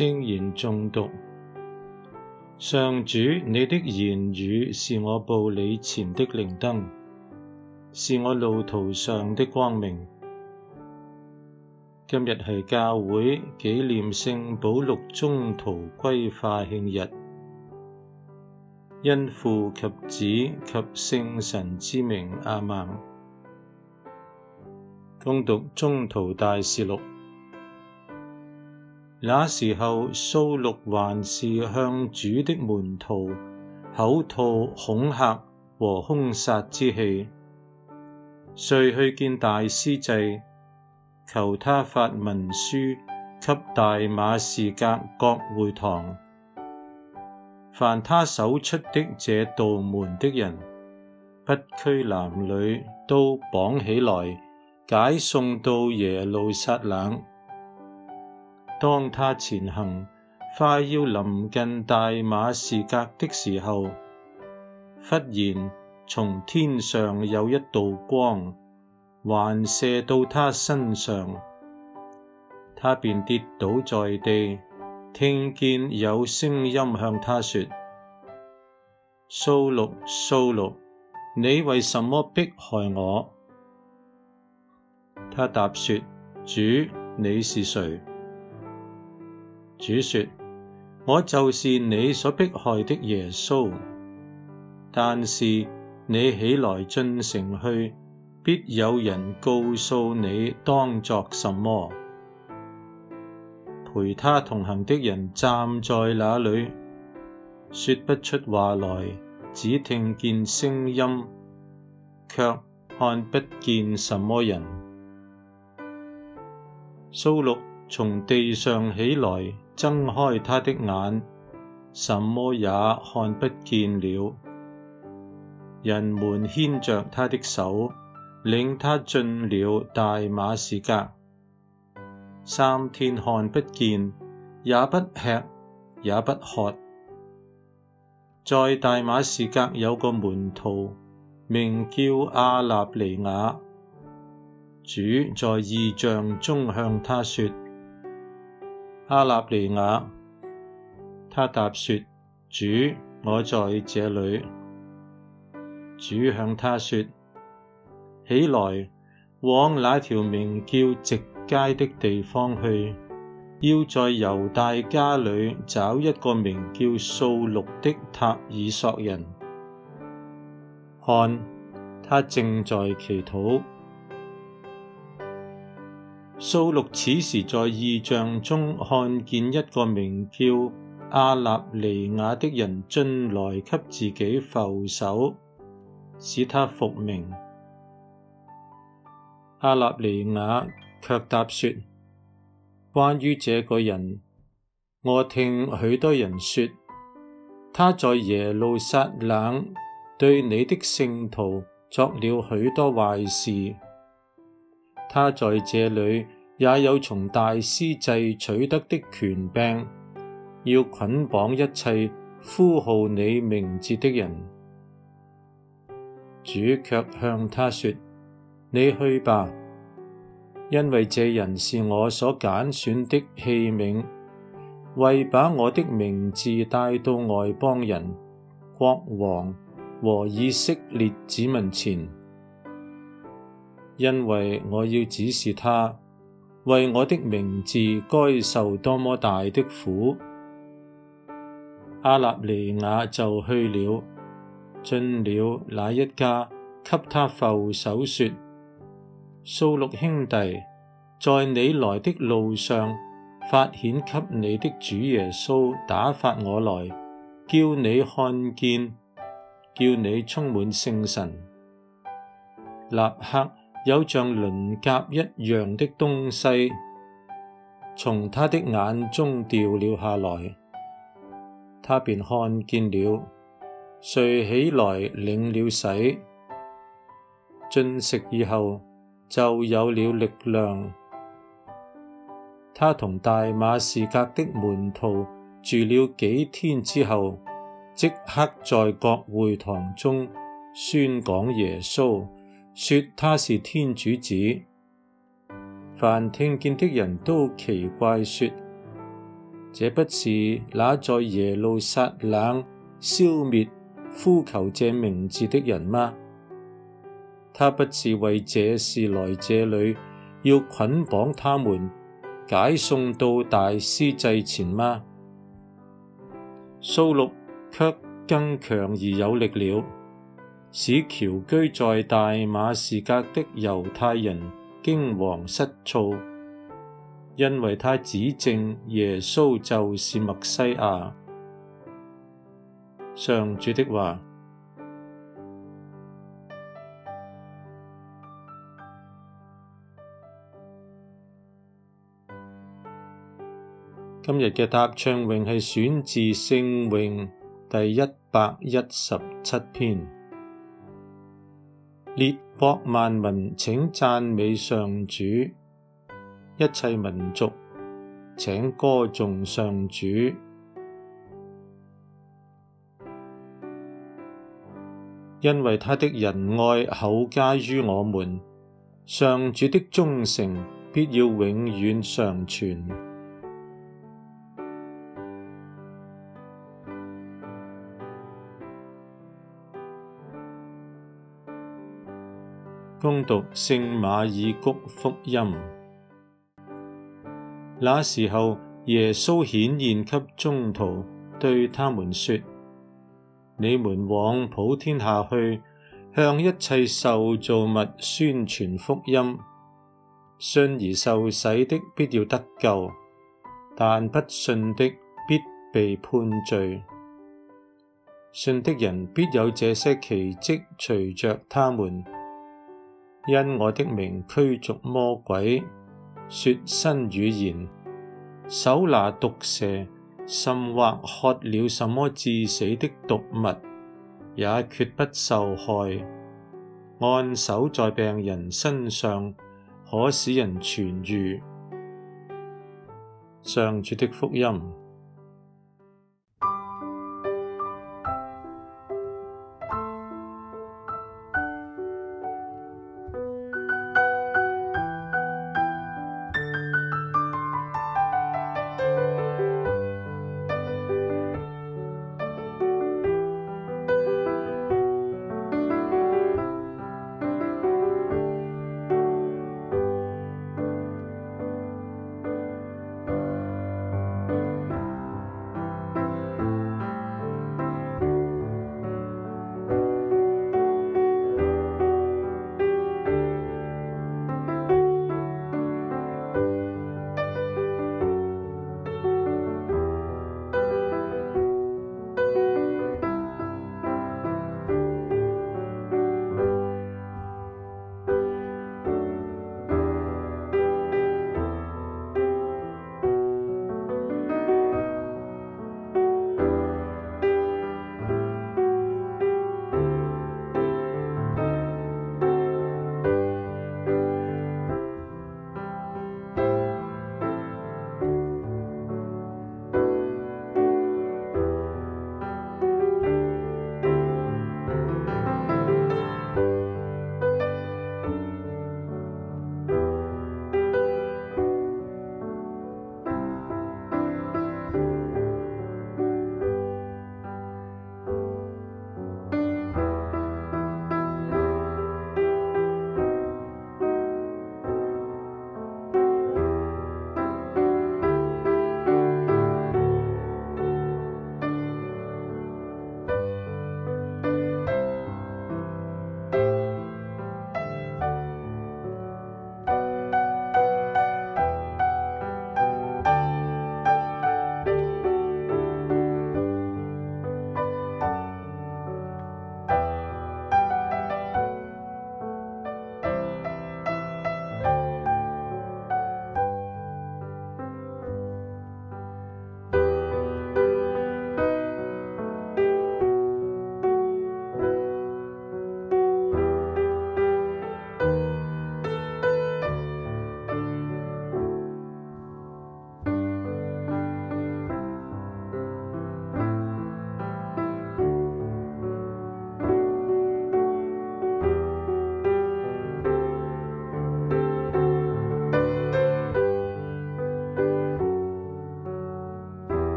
聖言誦讀。上主，你的言語是我步履前的靈燈，是我路途上的光明。今日係教會紀念聖保祿宗徒歸化慶日，因父及子及聖神之名阿門。恭讀宗徒大事錄。那時候，掃祿還是向主的門徒口吐恐嚇和兇殺之氣，遂去見大司祭，求他發文書給大馬士革各會堂，凡他搜出的這道門的人，不拘男女，都綁起來，解送到耶路撒冷。當他前行，快要臨近大馬士革的時候，忽然從天上有一道光，環射到他身上，他便跌倒在地，聽見有聲音向他說：掃祿，掃祿，你為什麼迫害我？他答說：主，你是誰？主說：我就是你所迫害的耶穌，但是你起來進城去，必有人告訴你當作什麼。陪他同行的人站在那裏，說不出話來，只聽見聲音，却看不見什麼人。掃祿從地上起來，睜開他的眼，什麼也看不見了。人們牽着他的手，領他進了大馬士革。三天看不見，也不吃，也不喝。在大馬士革有個門徒，名叫阿納尼雅，主在異象中向他說。阿納尼雅，他答說：主，我在這裏。主向他說：起來，往那條名叫直街的地方去，要在猶大家裏找一個名叫掃祿的塔爾索人，看，他正在祈禱。掃祿此時在異象中看見一個名叫阿納尼雅的人進來，給自己覆手，使他復明。阿納尼雅卻答說：關於這個人，我聽許多人說，他在耶路撒冷對你的聖徒作了許多壞事。他在這裏也有從大司祭取得的權柄，要捆綁一切呼號你名字的人。主卻向他說：你去吧，因為這人是我所揀選的器皿，為把我的名字帶到外邦人、國王和以色列子民前。因為我要指示他，為我的名字該受多麼大的苦。阿納尼雅就去了，進了那一家，給他覆手説：掃祿兄弟，在你來的路上，發顯給你的主耶穌打發我來，叫你看見，叫你充滿聖神，立刻，有像鱗甲一樣的東西從他的眼中掉了下來，他便看見了。遂起來領了洗，進食以後就有了力量。他同大馬士革的門徒住了幾天之後，即刻在各會堂中宣講耶穌。說他是天主子，凡聽見的人都奇怪說：這不是那在耶路撒冷消滅呼求這名字的人嗎？他不是為這事來這裏，要捆綁他們，解送到大司祭前嗎？掃祿卻更強而有力了。使僑居在大馬士革的猶太人驚惶失措，因為他指證耶穌就是默西亞。上主的話：今日嘅答唱詠係選自《聖詠》第一百一十七篇。列國萬民，請讚美上主，一切民族，請歌頌上主。因為他的仁愛厚加於我們，上主的忠誠必要永遠常存。恭讀聖馬爾谷福音。那時候，耶穌顯現給宗徒，對他們說：你們往普天下去，向一切受造物宣傳福音。信而受洗的，必要得救；但不信的，必被判罪。信的人必有這些奇蹟隨着他們。因我的名驅逐魔鬼，說新語言，手拿毒蛇，甚或喝了什麼致死的毒物，也決不受害。按手在病人身上，可使人痊癒。上主的福音。